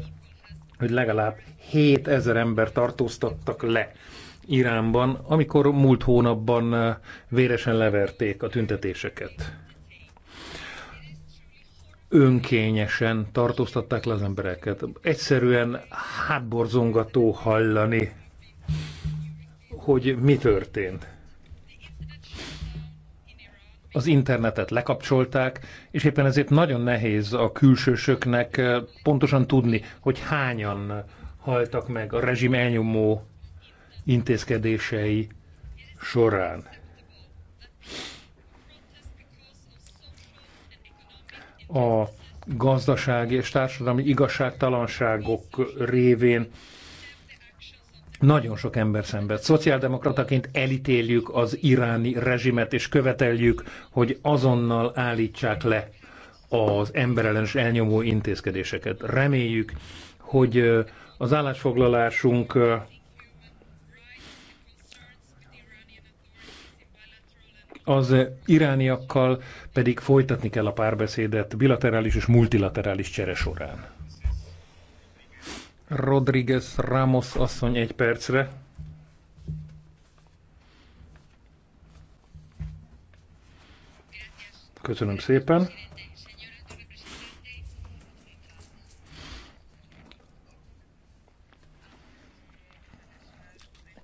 hogy legalább 7000 ember tartóztattak le Iránban, amikor múlt hónapban eh, véresen leverték a tüntetéseket. Önkényesen tartóztatták le az embereket. Egyszerűen hátborzongató hallani hogy mi történt. Az internetet lekapcsolták, és éppen ezért nagyon nehéz a külsősöknek eh, pontosan tudni, hogy hányan haltak meg a rezsim elnyomó intézkedései során. A gazdasági és társadalmi igazságtalanságok révén nagyon sok ember szenved. Szociáldemokrataként elítéljük az iráni rezsimet, és követeljük, hogy azonnal állítsák le az emberellenes elnyomó intézkedéseket. Reméljük, hogy az állásfoglalásunk az irániakkal pedig folytatni kell a párbeszédet bilaterális és multilaterális csere során. Rodriguez Ramos asszony egy percre. Köszönöm szépen.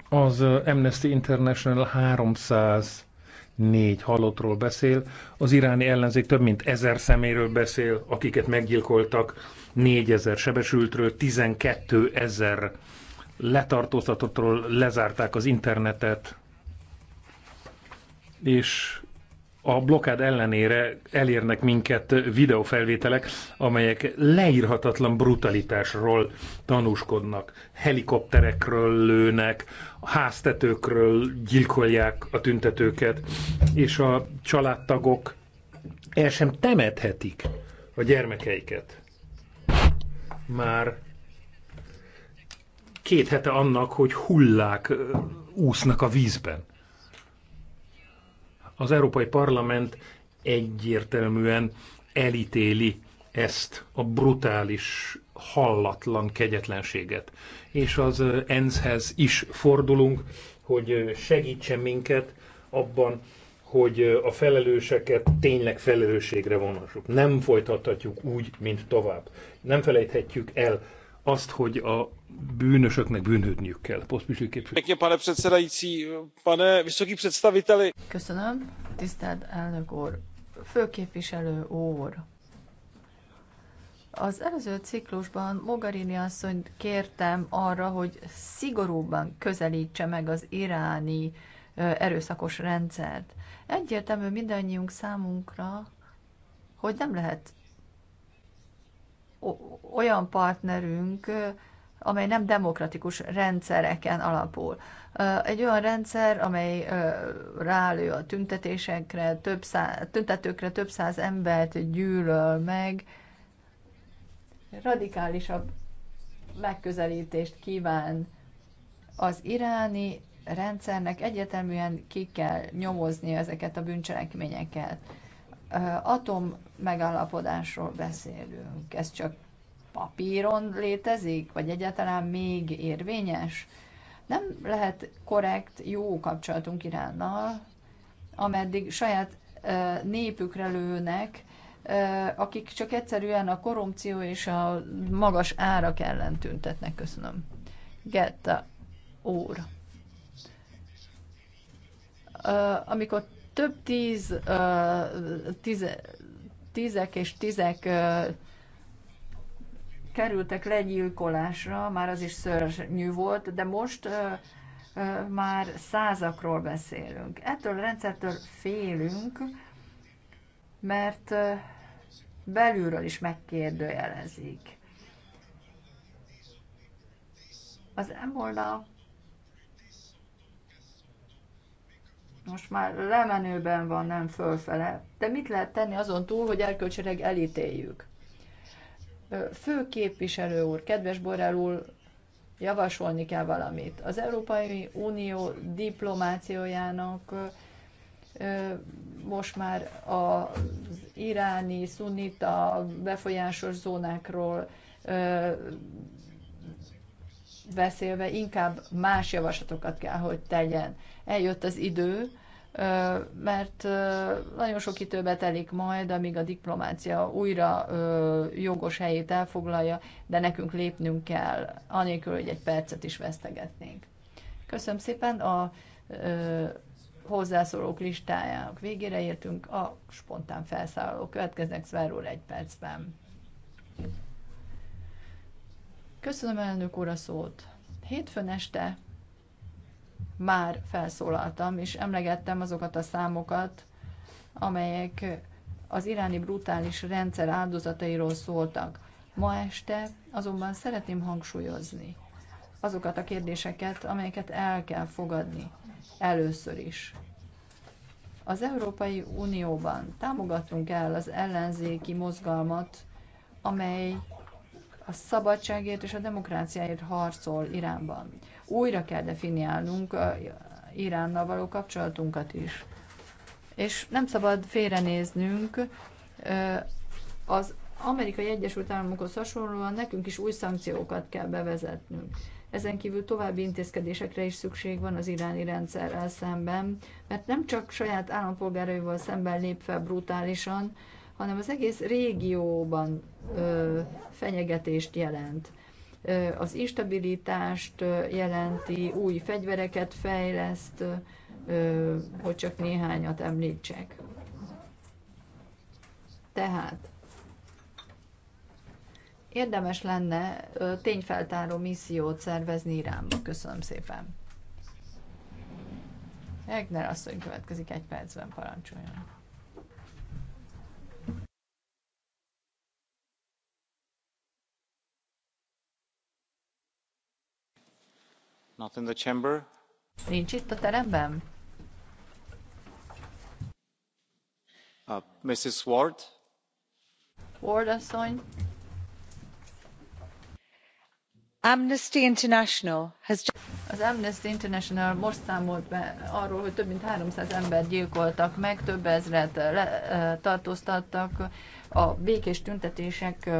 Az Amnesty International 300 négy halottról beszél, az iráni ellenzék több mint ezer szeméről beszél, akiket meggyilkoltak, négyezer sebesültről, 12 ezer letartóztatottról lezárták az internetet, és a blokád ellenére elérnek minket videófelvételek, amelyek leírhatatlan brutalitásról tanúskodnak. Helikopterekről lőnek, háztetőkről gyilkolják a tüntetőket, és a családtagok el sem temethetik a gyermekeiket. Már két hete annak, hogy hullák úsznak a vízben. Az Európai Parlament egyértelműen elítéli ezt a brutális, hallatlan kegyetlenséget. És az ENSZ-hez is fordulunk, hogy segítsen minket abban, hogy a felelőseket tényleg felelősségre vonassuk. Nem folytathatjuk úgy, mint tovább. Nem felejthetjük el azt, hogy a bűnösöknek bűnhődniük kell. Poszpisű képviselő. pane předsedající, pane vysoký představiteli.
Köszönöm, tisztelt elnök úr. Főképviselő úr. Az előző ciklusban Mogherini asszony kértem arra, hogy szigorúban közelítse meg az iráni erőszakos rendszert. Egyértelmű mindannyiunk számunkra, hogy nem lehet olyan partnerünk, amely nem demokratikus rendszereken alapul. Egy olyan rendszer, amely rálő a tüntetésekre, több száz, tüntetőkre több száz embert gyűlöl meg, radikálisabb megközelítést kíván az iráni rendszernek egyeteműen ki kell nyomozni ezeket a bűncselekményeket. Atom megállapodásról beszélünk, ez csak papíron létezik, vagy egyáltalán még érvényes. Nem lehet korrekt, jó kapcsolatunk Iránnal, ameddig saját népükre lőnek, akik csak egyszerűen a korrupció és a magas árak ellen tüntetnek. Köszönöm. Getta úr. Amikor több tíz, tíz tízek és tízek kerültek legyilkolásra, már az is szörnyű volt, de most már százakról beszélünk. Ettől a rendszertől félünk, mert belülről is megkérdőjelezik. Az ebola most már lemenőben van, nem fölfele. De mit lehet tenni azon túl, hogy erkölcsileg elítéljük? Főképviselő úr, kedves Borrell úr, javasolni kell valamit. Az Európai Unió diplomációjának most már az iráni, szunita befolyásos zónákról beszélve inkább más javaslatokat kell, hogy tegyen. Eljött az idő, mert nagyon sok időbe telik majd, amíg a diplomácia újra jogos helyét elfoglalja, de nekünk lépnünk kell, anélkül, hogy egy percet is vesztegetnénk. Köszönöm szépen, a hozzászólók listájának végére értünk, a spontán felszállók következnek, Szver úr egy percben. Köszönöm elnök úr a szót. Hétfőn este már felszólaltam, és emlegettem azokat a számokat, amelyek az iráni brutális rendszer áldozatairól szóltak. Ma este azonban szeretném hangsúlyozni azokat a kérdéseket, amelyeket el kell fogadni először is. Az Európai Unióban támogatunk el az ellenzéki mozgalmat, amely a szabadságért és a demokráciáért harcol Iránban újra kell definiálnunk a Iránnal való kapcsolatunkat is. És nem szabad félrenéznünk az amerikai Egyesült Államokhoz hasonlóan nekünk is új szankciókat kell bevezetnünk. Ezen kívül további intézkedésekre is szükség van az iráni rendszerrel szemben, mert nem csak saját állampolgáraival szemben lép fel brutálisan, hanem az egész régióban ö, fenyegetést jelent az instabilitást jelenti, új fegyvereket fejleszt, hogy csak néhányat említsek. Tehát érdemes lenne tényfeltáró missziót szervezni Iránba. Köszönöm szépen. Egner asszony következik egy
percben, parancsoljon.
Not in the chamber.
Nincs itt a teremben?
Uh, Mrs. Ward.
Ward asszony. Amnesty International has az Amnesty International most számolt be arról, hogy több mint 300 ember gyilkoltak meg, több ezret le, tartóztattak a békés tüntetések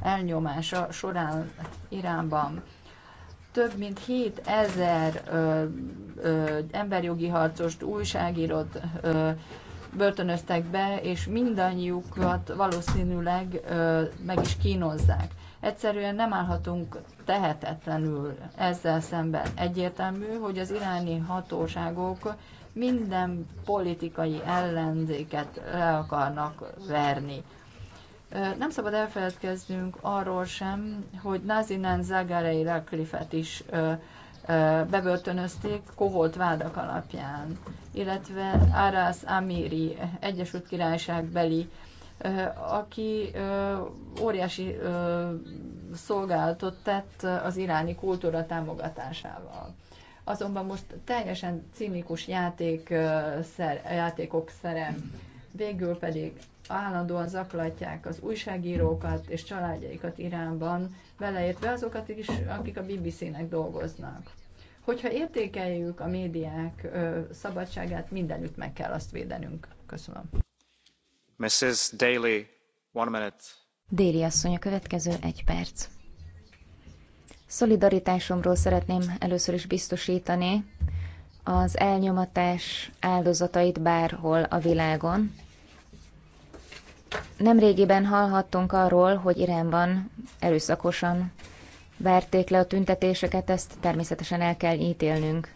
elnyomása során Iránban több mint 7000 ö, ö, emberjogi harcost, újságírót ö, börtönöztek be, és mindannyiukat valószínűleg ö, meg is kínozzák. Egyszerűen nem állhatunk tehetetlenül ezzel szemben. Egyértelmű, hogy az iráni hatóságok minden politikai ellenzéket le akarnak verni. Nem szabad elfeledkeznünk arról sem, hogy Nazinán Zagarei Raklifet is bebörtönözték koholt vádak alapján, illetve Aras Amiri, Egyesült Királyság beli, aki óriási szolgálatot tett az iráni kultúra támogatásával. Azonban most teljesen cinikus játék, szer, játékok szere, végül pedig állandóan zaklatják az újságírókat és családjaikat Iránban, beleértve azokat is, akik a BBC-nek dolgoznak. Hogyha értékeljük a médiák szabadságát, mindenütt meg kell azt
védenünk. Köszönöm.
Mrs. Daly, one minute.
Déli asszony, a következő egy perc. Szolidaritásomról szeretném először is biztosítani az elnyomatás áldozatait bárhol a világon, Nemrégiben hallhattunk arról, hogy Iránban erőszakosan verték le a tüntetéseket, ezt természetesen el kell ítélnünk.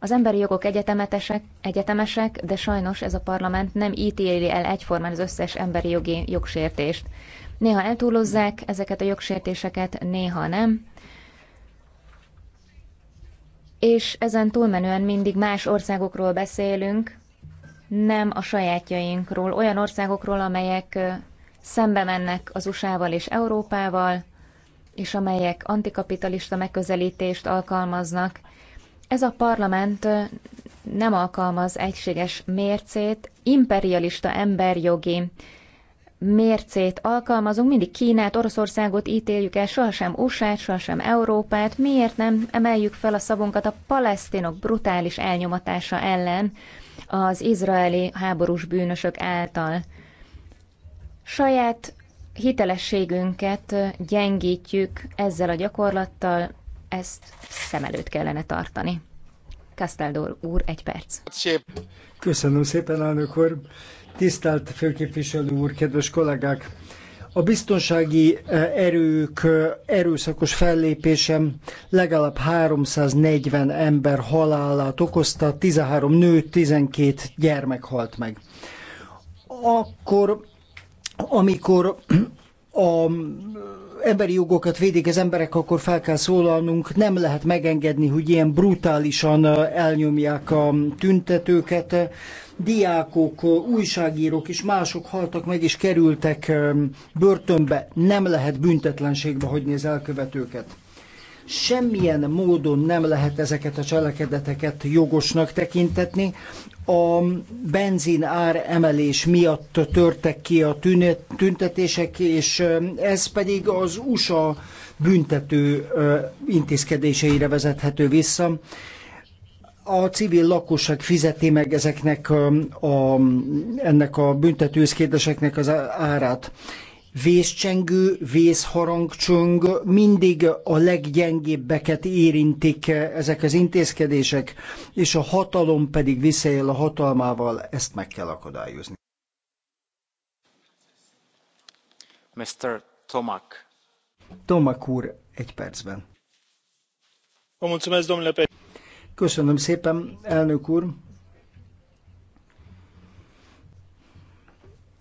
Az emberi jogok egyetemesek, egyetemesek, de sajnos ez a parlament nem ítéli el egyformán az összes emberi jogi jogsértést. Néha eltúlozzák ezeket a jogsértéseket, néha nem. És ezen túlmenően mindig más országokról beszélünk, nem a sajátjainkról, olyan országokról, amelyek szembe mennek az USA-val és Európával, és amelyek antikapitalista megközelítést alkalmaznak. Ez a parlament nem alkalmaz egységes mércét, imperialista emberjogi mércét alkalmazunk, mindig Kínát, Oroszországot ítéljük el, sohasem USA-t, sohasem Európát, miért nem emeljük fel a szavunkat a palesztinok brutális elnyomatása ellen, az izraeli háborús bűnösök által. Saját hitelességünket gyengítjük ezzel a gyakorlattal, ezt szem előtt kellene tartani. Casteldor úr, egy perc.
Köszönöm szépen, elnök úr. Tisztelt főképviselő úr, kedves kollégák! A biztonsági e, erők e, erőszakos fellépésem legalább 340 ember halálát okozta, 13 nő, 12 gyermek halt meg. Akkor, amikor a emberi jogokat védik az emberek, akkor fel kell szólalnunk, nem lehet megengedni, hogy ilyen brutálisan e, elnyomják a tüntetőket, diákok, újságírók és mások haltak meg és kerültek börtönbe. Nem lehet büntetlenségbe hagyni az elkövetőket. Semmilyen módon nem lehet ezeket a cselekedeteket jogosnak tekintetni. A benzin ár emelés miatt törtek ki a tüntetések, és ez pedig az USA büntető intézkedéseire vezethető vissza a civil lakosság fizeti meg ezeknek um, a, ennek a büntetőszkédeseknek az árát. Vészcsengő, vészharangcsöng, mindig a leggyengébbeket érintik ezek az intézkedések, és a hatalom pedig visszaél a hatalmával, ezt meg kell akadályozni. Mr. Tomak. Tomak úr, egy percben.
Vă mulțumesc, domnule
Köszönöm szépen, elnök úr.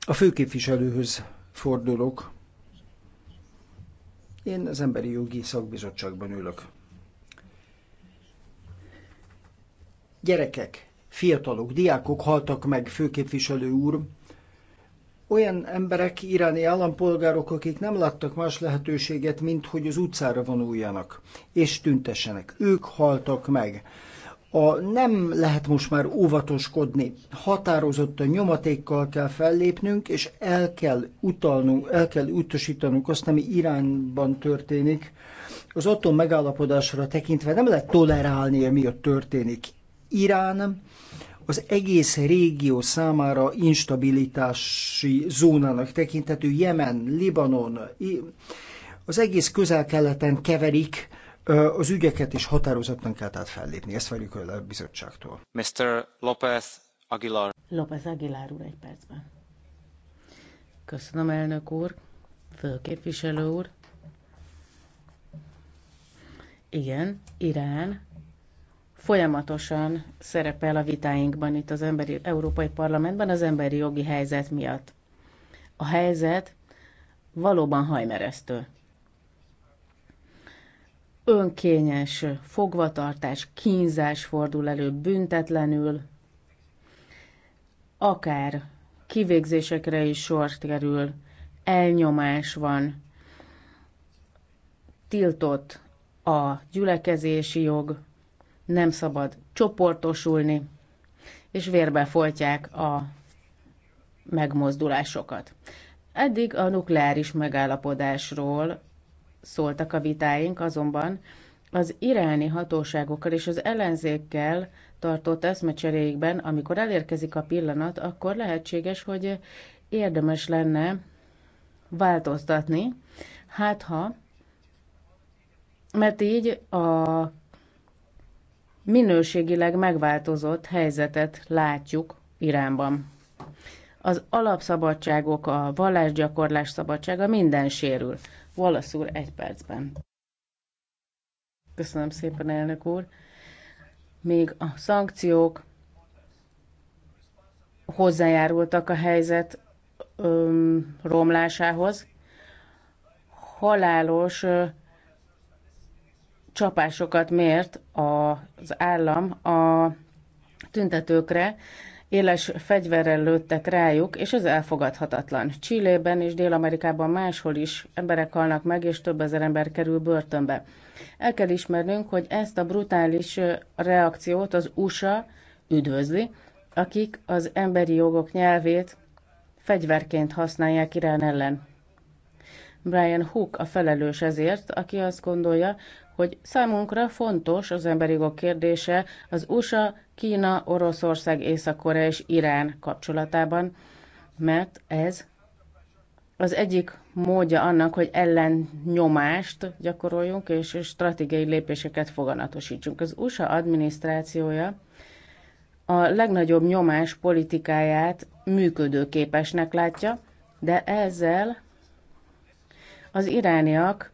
A főképviselőhöz fordulok. Én az Emberi Jogi Szakbizottságban ülök. Gyerekek, fiatalok, diákok haltak meg, főképviselő úr, olyan emberek, iráni állampolgárok, akik nem láttak más lehetőséget, mint hogy az utcára vonuljanak és tüntessenek. Ők haltak meg. A nem lehet most már óvatoskodni. Határozottan nyomatékkal kell fellépnünk, és el kell utalnunk, el kell utasítanunk azt, ami Iránban történik. Az atom megállapodásra tekintve nem lehet tolerálni, ami ott történik. Irán az egész régió számára instabilitási zónának tekinthető Jemen, Libanon, az egész közel-keleten keverik az ügyeket, és határozottan kell tehát fellépni. Ezt várjuk a bizottságtól. Mr. López Aguilar.
López Aguilar úr, egy percben. Köszönöm, elnök úr, főképviselő úr. Igen, Irán folyamatosan szerepel a vitáinkban itt az emberi, Európai Parlamentben az emberi jogi helyzet miatt. A helyzet valóban hajmeresztő. Önkényes fogvatartás, kínzás fordul elő büntetlenül, akár kivégzésekre is sort kerül, elnyomás van, tiltott a gyülekezési jog, nem szabad csoportosulni, és vérbe folytják a megmozdulásokat. Eddig a nukleáris megállapodásról szóltak a vitáink, azonban az iráni hatóságokkal és az ellenzékkel tartott eszmecseréjékben, amikor elérkezik a pillanat, akkor lehetséges, hogy érdemes lenne változtatni, hát ha, mert így a minőségileg megváltozott helyzetet látjuk Iránban. Az alapszabadságok, a vallásgyakorlás szabadsága minden sérül. Valasz úr egy percben. Köszönöm szépen, elnök úr. Még a szankciók hozzájárultak a helyzet öm, romlásához. Halálos ö, csapásokat mért az állam a tüntetőkre, éles fegyverrel lőttek rájuk, és ez elfogadhatatlan. Csillében és Dél-Amerikában máshol is emberek halnak meg, és több ezer ember kerül börtönbe. El kell ismernünk, hogy ezt a brutális reakciót az USA üdvözli, akik az emberi jogok nyelvét fegyverként használják Irán ellen. Brian Hook a felelős ezért, aki azt gondolja, hogy számunkra fontos az emberi jogok kérdése az USA, Kína, Oroszország, Észak-Korea és Irán kapcsolatában, mert ez az egyik módja annak, hogy ellennyomást gyakoroljunk és stratégiai lépéseket foganatosítsunk. Az USA adminisztrációja a legnagyobb nyomás politikáját működőképesnek látja, de ezzel az irániak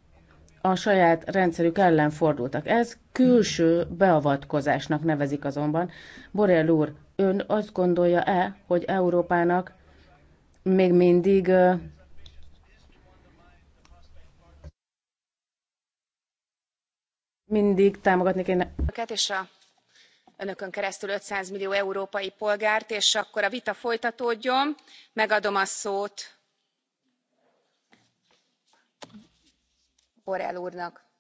a saját rendszerük ellen fordultak. Ez külső beavatkozásnak nevezik azonban. Borrell úr, ön azt gondolja-e, hogy Európának még mindig mindig támogatni kéne.
és a önökön keresztül 500 millió európai polgárt, és akkor a vita folytatódjon. Megadom a szót borrell úrnak.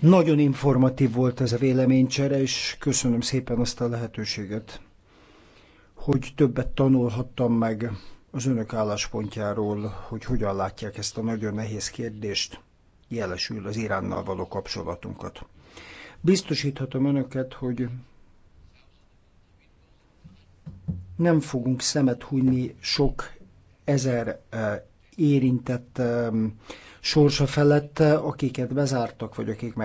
Nagyon informatív volt ez a véleménycsere, és köszönöm szépen azt a lehetőséget, hogy többet tanulhattam meg az önök álláspontjáról, hogy hogyan látják ezt a nagyon nehéz kérdést, jelesül az Iránnal való kapcsolatunkat. Biztosíthatom önöket, hogy nem fogunk szemet hunyni sok ezer eh, érintett eh, sorsa felett, akiket bezártak, vagy akik meg